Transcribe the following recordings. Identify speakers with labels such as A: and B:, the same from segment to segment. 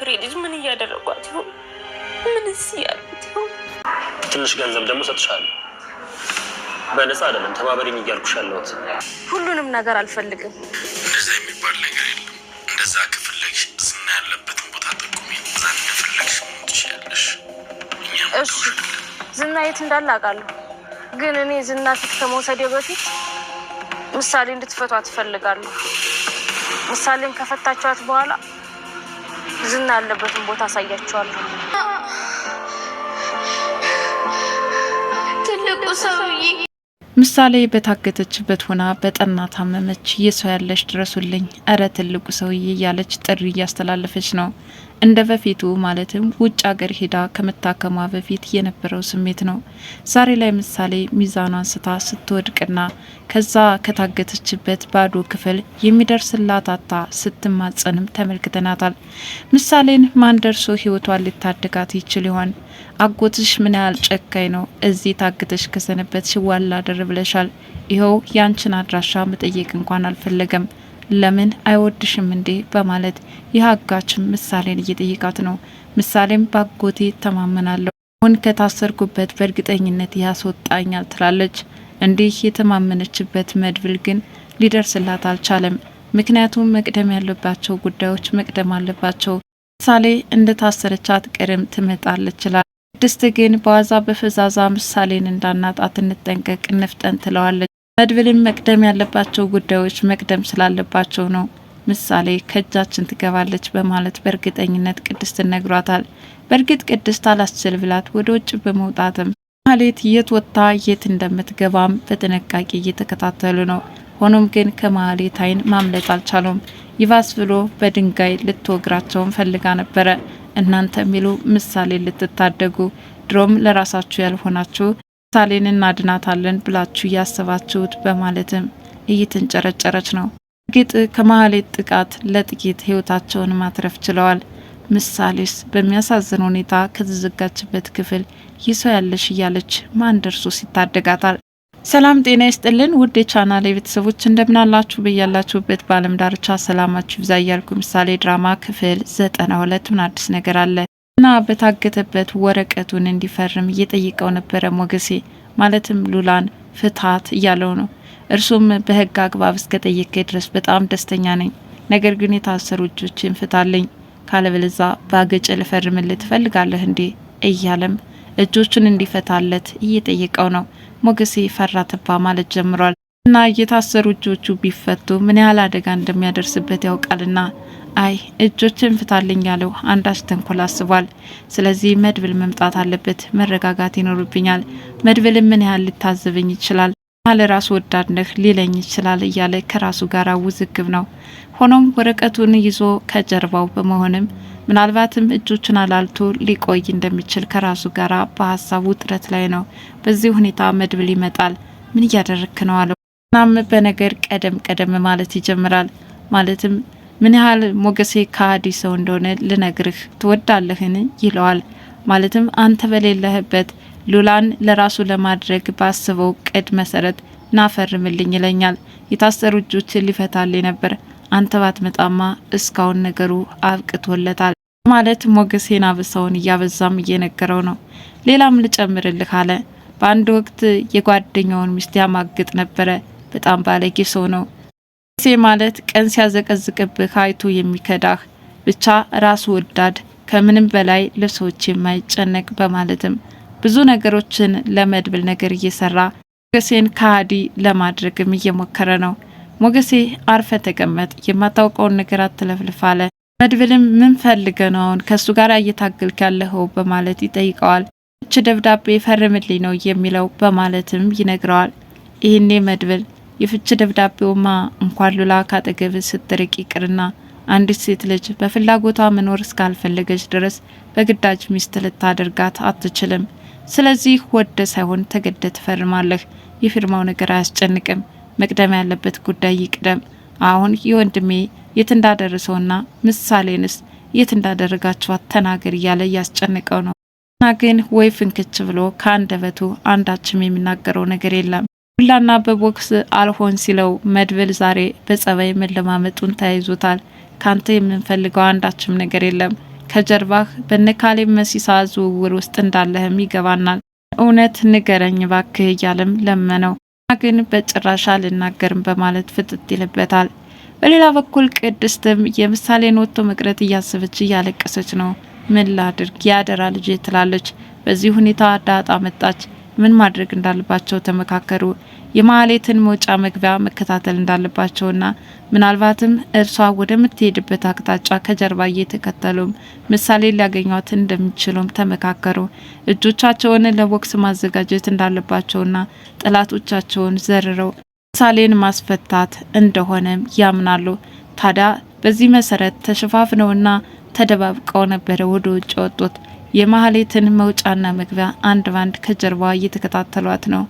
A: ፍሬ ልጅ ምን እያደረጓት ይሆን? ምንስ እያሉት ይሆን?
B: ትንሽ ገንዘብ ደግሞ ሰጥሻለሁ። በነፃ አይደለም ተባበሪኝ እያልኩሽ ያለሁት።
C: ሁሉንም ነገር አልፈልግም።
D: እንደዛ የሚባል ነገር የለም። እንደዛ ከፈለግሽ ዝና ያለበትን ቦታ ጠቁሚ። እዛ ከፈለግሽ መሆን ትችያለሽ።
C: እሺ ዝና የት እንዳለ አውቃለሁ፣ ግን እኔ ዝና ፊት ከመውሰዴ በፊት ምሳሌ እንድትፈቷት ትፈልጋለሁ። ምሳሌን ከፈታችኋት በኋላ ዝና ያለበትን ቦታ አሳያችኋለሁ።
A: ትልቁ ሰውዬ
E: ምሳሌ በታገተችበት ሆና በጠና ታመመች። የሰው ያለች ድረሱልኝ፣ እረ ትልቁ ሰውዬ እያለች ጥሪ እያስተላለፈች ነው። እንደ በፊቱ ማለትም ውጭ አገር ሄዳ ከመታከሟ በፊት የነበረው ስሜት ነው። ዛሬ ላይ ምሳሌ ሚዛኗ አንስታ ስትወድቅና ከዛ ከታገተችበት ባዶ ክፍል የሚደርስላት አታ ስትማጸንም ተመልክተናታል። ምሳሌን ማን ደርሶ ህይወቷን ሊታደጋት ይችል ይሆን? አጎትሽ ምን ያህል ጨካኝ ነው። እዚህ ታግተሽ ከሰነበትሽ ዋላ ደር ብለሻል። ይኸው ያንችን አድራሻ መጠየቅ እንኳን አልፈለገም። ለምን አይወድሽም እንዴ በማለት የሀጋችን ምሳሌን እየጠየቃት ነው። ምሳሌም ባጎቴ ተማመናለሁ፣ አሁን ከታሰርኩበት በእርግጠኝነት ያስወጣኛል ትላለች። እንዲህ የተማመነችበት መድብል ግን ሊደርስላት አልቻለም። ምክንያቱም መቅደም ያለባቸው ጉዳዮች መቅደም አለባቸው። ምሳሌ እንደ ቅርም ትመጣለች ይችላል ቅድስት ግን በዋዛ በፈዛዛ ምሳሌን እንዳናጣት እንጠንቀቅ፣ እንፍጠን ትለዋለች። መድብልን መቅደም ያለባቸው ጉዳዮች መቅደም ስላለባቸው ነው ምሳሌ ከእጃችን ትገባለች በማለት በእርግጠኝነት ቅድስት ነግሯታል። በእርግጥ ቅድስት አላስችል ብላት ወደ ውጭ በመውጣትም ማሌት የት ወጥታ የት እንደምትገባም በጥንቃቄ እየተከታተሉ ነው። ሆኖም ግን ከማሌት አይን ማምለጥ አልቻሉም። ይባስ ብሎ በድንጋይ ልትወግራቸውን ፈልጋ ነበረ። እናንተ የሚሉ ምሳሌ ልትታደጉ ድሮም ለራሳችሁ ያልሆናችሁ ምሳሌን እናድናታለን ብላችሁ እያሰባችሁት በማለትም እየተንጨረጨረች ነው። እርግጥ ከመሀሌት ጥቃት ለጥቂት ህይወታቸውን ማትረፍ ችለዋል። ምሳሌስ በሚያሳዝን ሁኔታ ከተዘጋችበት ክፍል ይሰው ያለሽ እያለች ማን ደርሶ ይታደጋታል? ሰላም ጤና ይስጥልን ውድ የቻናሌ ቤተሰቦች እንደምናላችሁ በያላችሁበት በአለም ዳርቻ ሰላማችሁ ይብዛ እያልኩ ምሳሌ ድራማ ክፍል ዘጠና ሁለት ምን አዲስ ነገር አለ እና በታገተበት ወረቀቱን እንዲፈርም እየጠየቀው ነበረ ሞገሴ። ማለትም ሉላን ፍታት እያለው ነው። እርሱም በህግ አግባብ እስከጠየቀ ድረስ በጣም ደስተኛ ነኝ፣ ነገር ግን የታሰሩ እጆችን ፍታለኝ፣ ካለበለዛ በአገጭ ልፈርምልህ ትፈልጋለህ እንዴ እያለም እጆቹን እንዲፈታለት እየጠየቀው ነው። ሞገሴ ፈራ ተባ ማለት ጀምሯል እና የታሰሩ እጆቹ ቢፈቱ ምን ያህል አደጋ እንደሚያደርስበት ያውቃልና አይ እጆችን ፍታልኝ ያለው አንዳች ተንኮል አስቧል። ስለዚህ መድብል መምጣት አለበት፣ መረጋጋት ይኖርብኛል። መድብልን ምን ያህል ሊታዘበኝ ይችላል? አለ ራስ ወዳድ ነህ ሊለኝ ይችላል እያለ ከራሱ ጋር ውዝግብ ነው። ሆኖም ወረቀቱን ይዞ ከጀርባው በመሆንም ምናልባትም እጆቹን አላልቶ ሊቆይ እንደሚችል ከራሱ ጋር በሀሳብ ውጥረት ላይ ነው። በዚህ ሁኔታ መድብል ይመጣል። ምን እያደረክ ነው አለው። እናም በነገር ቀደም ቀደም ማለት ይጀምራል። ማለትም ምን ያህል ሞገሴ ከሃዲ ሰው እንደሆነ ልነግርህ ትወዳለህን ይለዋል። ማለትም አንተ በሌለህበት ሉላን ለራሱ ለማድረግ ባስበው ቅድ መሰረት ናፈርምልኝ ይለኛል። የታሰሩ እጆችን ሊፈታልኝ ነበር፣ አንተ ባትመጣማ እስካሁን ነገሩ አብቅቶለታል ማለት ሞገሴን አብሰውን እያበዛም እየነገረው ነው። ሌላም ልጨምርልህ አለ። በአንድ ወቅት የጓደኛውን ሚስት ያማግጥ ነበረ። በጣም ባለጌ ሰው ነው። ሴ ማለት ቀን ሲያዘቀዝቅብህ አይቶ የሚከዳህ ብቻ ራሱ ወዳድ ከምንም በላይ ለሰዎች የማይጨነቅ በማለትም ብዙ ነገሮችን ለመድብል ነገር እየሰራ ሞገሴን ከሃዲ ለማድረግም እየሞከረ ነው። ሞገሴ አርፈ ተቀመጥ፣ የማታውቀውን ነገር አትለፍልፍ አለ። መድብልም ምን ፈልገ ነው አሁን ከእሱ ጋር እየታገልክ ያለኸው በማለት ይጠይቀዋል። እች ደብዳቤ ፈርምልኝ ነው የሚለው በማለትም ይነግረዋል። ይህኔ መድብል የፍች ደብዳቤውማ እንኳን ሉላ ካጠገብ ስትርቅ ይቅርና አንዲት ሴት ልጅ በፍላጎቷ መኖር እስካልፈለገች ድረስ በግዳጅ ሚስት ልታደርጋት አትችልም። ስለዚህ ወደ ሳይሆን ተገደ ትፈርማለህ። የፊርማው ነገር አያስጨንቅም። መቅደም ያለበት ጉዳይ ይቅደም። አሁን የወንድሜ የት እንዳደረሰውና ምሳሌንስ የት እንዳደረጋቸዋት ተናገር እያለ እያስጨንቀው ነው ና ግን ወይ ፍንክች ብሎ ከአንደበቱ አንዳችም የሚናገረው ነገር የለም። ሁላና በቦክስ አልሆን ሲለው መድብል ዛሬ በጸባይ መለማመጡን ተያይዞታል። ካንተ የምንፈልገው አንዳችም ነገር የለም። ከጀርባህ በነካሌ መሲሳ ዝውውር ውስጥ እንዳለህም ይገባናል። እውነት ንገረኝ ባክህ እያለም ለመነው። ግን በጭራሽ አልናገርም በማለት ፍጥጥ ይልበታል። በሌላ በኩል ቅድስትም የምሳሌን ወጥቶ መቅረት እያሰበች እያለቀሰች ነው። ምን ላድርግ ያደራ ልጄ ትላለች። በዚህ ሁኔታ ዳጣ መጣች። ምን ማድረግ እንዳለባቸው ተመካከሩ። የማህሌትን መውጫ መግቢያ መከታተል እንዳለባቸውና ምናልባትም እርሷ ወደምትሄድበት አቅጣጫ ከጀርባ እየተከተሉም ምሳሌ ሊያገኟት እንደሚችሉም ተመካከሩ። እጆቻቸውን ለቦክስ ማዘጋጀት እንዳለባቸውና ጠላቶቻቸውን ዘርረው ምሳሌን ማስፈታት እንደሆነም ያምናሉ። ታዲያ በዚህ መሰረት ተሸፋፍነውና ተደባብቀው ነበረ ወደ ውጭ ወጡት። የማህሌትን መውጫና መግቢያ አንድ ባንድ ከጀርባዋ እየተከታተሏት ነው።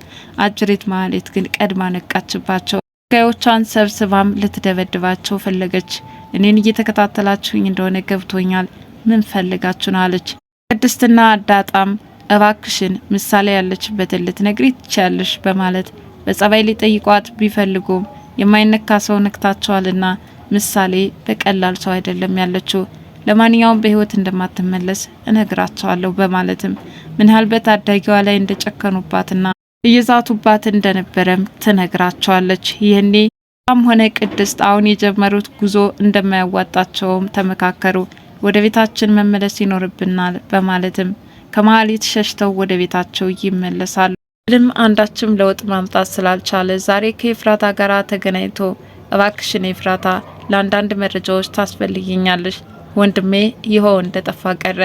E: አጅሬት ማህሌት ግን ቀድማ ነቃችባቸው። ጋዮቿን ሰብስባም ልትደበድባቸው ፈለገች። እኔን እየተከታተላችሁኝ እንደሆነ ገብቶኛል፣ ምን ፈልጋችሁ ነው አለች። ቅድስትና አዳጣም እባክሽን ምሳሌ ያለችበትን ልትነግሪ ትችያለሽ በማለት በጸባይ ሊጠይቋት ቢፈልጉም የማይነካ ሰው ነክታቸዋልና ምሳሌ በቀላል ሰው አይደለም ያለችው ለማንኛውም በህይወት እንደማትመለስ እነግራቸዋለሁ በማለትም ምን በታዳጊዋ ላይ እንደጨከኑባትና እየዛቱባት እንደነበረም ትነግራቸዋለች። ይህኔ ም ሆነ ቅድስት አሁን የጀመሩት ጉዞ እንደማያዋጣቸውም ተመካከሩ። ወደ ቤታችን መመለስ ይኖርብናል በማለትም ከመሀሌት ሸሽተው ወደ ቤታቸው ይመለሳሉ። ልም አንዳችም ለውጥ ማምጣት ስላልቻለ ዛሬ ከኤፍራታ ጋር ተገናኝቶ እባክሽን ኤፍራታ ለአንዳንድ መረጃዎች ታስፈልጊኛለሽ ወንድሜ ይኸው እንደጠፋ ቀረ።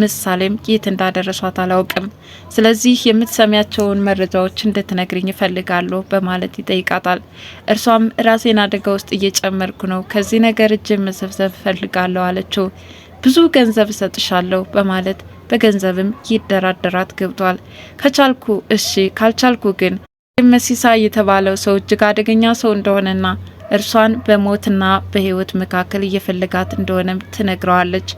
E: ምሳሌም የት እንዳደረሷት አላውቅም። ስለዚህ የምትሰሚያቸውን መረጃዎች እንድትነግርኝ ይፈልጋሉ በማለት ይጠይቃታል። እርሷም ራሴን አደጋ ውስጥ እየጨመርኩ ነው፣ ከዚህ ነገር እጅ መሰብሰብ እፈልጋለሁ አለችው። ብዙ ገንዘብ እሰጥሻለሁ በማለት በገንዘብም ይደራደራት ገብቷል። ከቻልኩ እሺ፣ ካልቻልኩ ግን መሲሳ የተባለው ሰው እጅግ አደገኛ ሰው እንደሆነና እርሷን በሞትና በህይወት መካከል እየፈለጋት እንደሆነም ትነግረዋለች።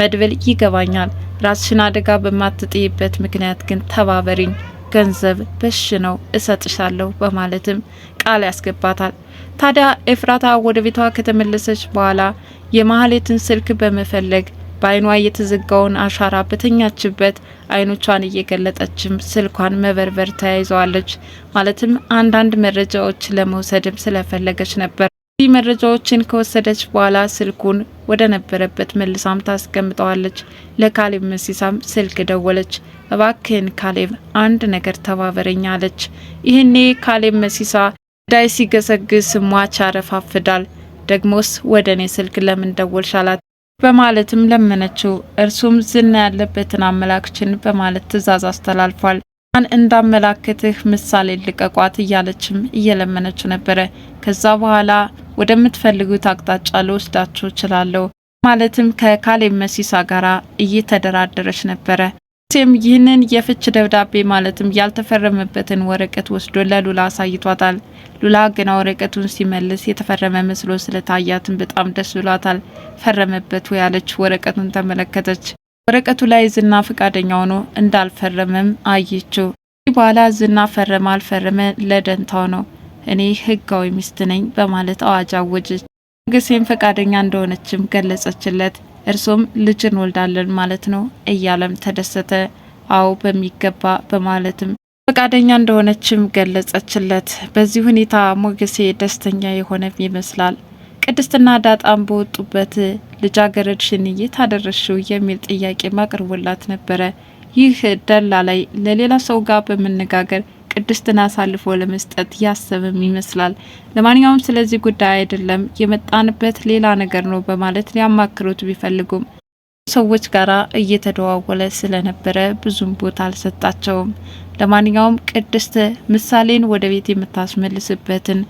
E: መድብል ይገባኛል፣ ራስሽን አደጋ በማትጥይበት ምክንያት ግን ተባበሪኝ፣ ገንዘብ በሽ ነው እሰጥሻለሁ በማለትም ቃል ያስገባታል። ታዲያ ኤፍራታ ወደ ቤቷ ከተመለሰች በኋላ የማህሌትን ስልክ በመፈለግ በአይኗ የተዘጋውን አሻራ በተኛችበት አይኖቿን እየገለጠችም ስልኳን መበርበር ተያይዘዋለች። ማለትም አንዳንድ መረጃዎች ለመውሰድም ስለፈለገች ነበር። እዚህ መረጃዎችን ከወሰደች በኋላ ስልኩን ወደ ነበረበት መልሳም ታስቀምጠዋለች። ለካሌብ መሲሳም ስልክ ደወለች። እባክህን ካሌብ አንድ ነገር ተባበረኝ አለች። ይህኔ ካሌብ መሲሳ ዳይ ሲገሰግስ ሟች ያረፋፍዳል። ደግሞስ ወደ እኔ ስልክ ለምን ደወልሽ አላት። በማለትም ለመነችው። እርሱም ዝና ያለበትን አመላክችን በማለት ትእዛዝ አስተላልፏል። ማን እንዳመላከትህ ምሳሌ ልቀቋት እያለችም እየለመነችው ነበረ። ከዛ በኋላ ወደምትፈልጉት አቅጣጫ ልወስዳችሁ እችላለሁ ማለትም ከካሌብ መሲሳ ጋር እየተደራደረች ነበረ። ሴም ይህንን የፍች ደብዳቤ ማለትም ያልተፈረመበትን ወረቀት ወስዶ ለሉላ አሳይቷታል። ሉላ ግና ወረቀቱን ሲመልስ የተፈረመ መስሎ ስለታያትን በጣም ደስ ብሏታል። ፈረመበት ወይ ያለች ወረቀቱን ተመለከተች። ወረቀቱ ላይ ዝና ፈቃደኛ ሆኖ እንዳልፈረመም አየችው። ይህ በኋላ ዝና ፈረመ አልፈረመ ለደንታው ነው፣ እኔ ህጋዊ ሚስት ነኝ በማለት አዋጅ አወጀች። ንግሴም ፈቃደኛ እንደሆነችም ገለጸችለት። እርሱም ልጅ እንወልዳለን ማለት ነው እያለም ተደሰተ። አዎ በሚገባ በማለትም ፈቃደኛ እንደሆነችም ገለጸችለት። በዚህ ሁኔታ ሞገሴ ደስተኛ የሆነ ይመስላል። ቅድስትና ዳጣም በወጡበት ልጃገረድሽን የት አደረሽው የሚል ጥያቄ ማቅርቦላት ነበረ። ይህ ደላ ላይ ለሌላ ሰው ጋር በመነጋገር ቅድስትን አሳልፎ ለመስጠት ያሰብም ይመስላል። ለማንኛውም ስለዚህ ጉዳይ አይደለም የመጣንበት ሌላ ነገር ነው በማለት ሊያማክሩት ቢፈልጉም ሰዎች ጋራ እየተደዋወለ ስለነበረ ብዙም ቦታ አልሰጣቸውም። ለማንኛውም ቅድስት ምሳሌን ወደ ቤት የምታስመልስበትን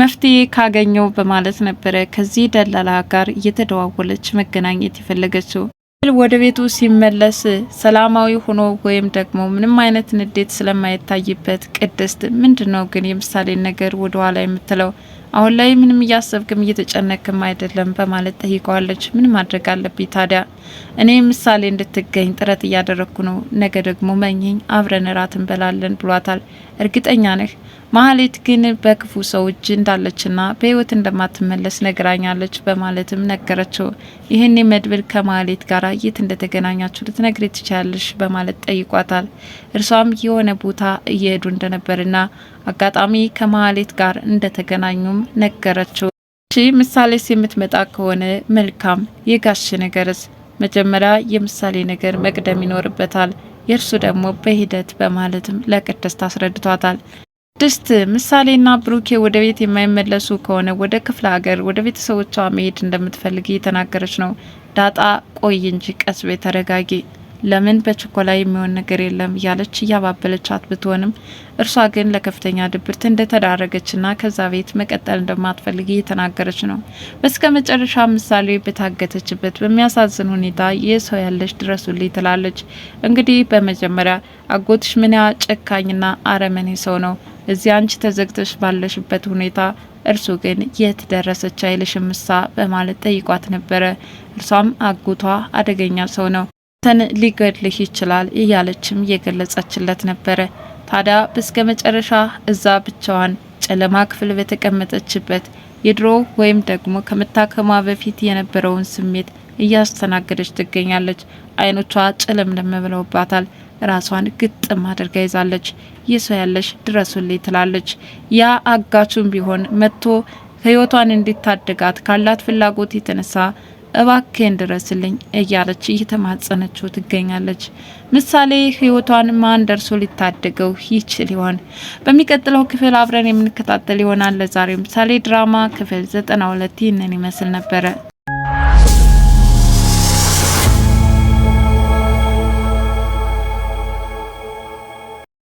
E: መፍትሄ ካገኘው በማለት ነበረ ከዚህ ደላላ ጋር እየተደዋወለች መገናኘት የፈለገችው። ወደ ቤቱ ሲመለስ ሰላማዊ ሆኖ ወይም ደግሞ ምንም አይነት ንዴት ስለማይታይበት ቅድስት ምንድን ነው ግን የምሳሌን ነገር ወደ ኋላ የምትለው አሁን ላይ ምንም እያሰብክም እየተጨነክም አይደለም በማለት ጠይቀዋለች። ምን ማድረግ አለብኝ ታዲያ? እኔ ምሳሌ እንድትገኝ ጥረት እያደረግኩ ነው። ነገ ደግሞ መኝኝ አብረን እራት እንበላለን ብሏታል። እርግጠኛ ነህ ማህሌት ግን በክፉ ሰው እጅ እንዳለችና በህይወት እንደማትመለስ ነግራኛለች በማለትም ነገረችው። ይህን መድብል ከማህሌት ጋር የት እንደተገናኛችሁ ልትነግሪ ትችላለሽ በማለት ጠይቋታል። እርሷም የሆነ ቦታ እየሄዱ እንደነበርና አጋጣሚ ከማህሌት ጋር እንደተገናኙም ነገረችው። እሺ ምሳሌስ የምትመጣ ከሆነ መልካም፣ የጋሽ ነገርስ? መጀመሪያ የምሳሌ ነገር መቅደም ይኖርበታል፣ የእርሱ ደግሞ በሂደት በማለትም ለቅድስት አስረድቷታል። ቅድስት ምሳሌና ብሩኬ ወደ ቤት የማይመለሱ ከሆነ ወደ ክፍለ ሀገር ወደ ቤተሰቦቿ መሄድ እንደምትፈልግ እየተናገረች ነው። ዳጣ ቆይ እንጂ ቀስ ቤ ተረጋጊ፣ ለምን በችኮላ የሚሆን ነገር የለም እያለች እያባበለቻት ብትሆንም እርሷ ግን ለከፍተኛ ድብርት እንደተዳረገችና ከዛ ቤት መቀጠል እንደማትፈልግ እየተናገረች ነው። በስከ መጨረሻ ምሳሌ በታገተችበት በሚያሳዝን ሁኔታ የሰው ያለች ድረሱልኝ ትላለች። እንግዲህ በመጀመሪያ አጎትሽ ምን ያ ጨካኝና አረመኔ ሰው ነው እዚህ አንቺ ተዘግተሽ ባለሽበት ሁኔታ እርሱ ግን የት ደረሰች አይልሽም ምሳ በማለት ጠይቋት ነበረ። እርሷም አጉቷ አደገኛ ሰው ነው ተን ሊገድልህ ይችላል እያለችም እየገለጸችለት ነበረ። ታዲያ በስከ መጨረሻ እዛ ብቻዋን ጨለማ ክፍል በተቀመጠችበት የድሮ ወይም ደግሞ ከመታከሟ በፊት የነበረውን ስሜት እያስተናገደች ትገኛለች። አይኖቿ ጨለምለም ብለውባታል። ራሷን ግጥም አድርጋ ይዛለች። ይህ ያለሽ ድረሱልኝ ትላለች። ያ አጋቹም ቢሆን መጥቶ ህይወቷን እንዲታደጋት ካላት ፍላጎት የተነሳ እባኬን ድረስልኝ እያለች እየተማጸነችው ትገኛለች። ምሳሌ ህይወቷን ማን ደርሶ ሊታደገው ይችል ይሆን? በሚቀጥለው ክፍል አብረን የምንከታተል ይሆናል። ለዛሬው ምሳሌ ድራማ ክፍል ዘጠና ሁለት ይህንን ይመስል ነበረ።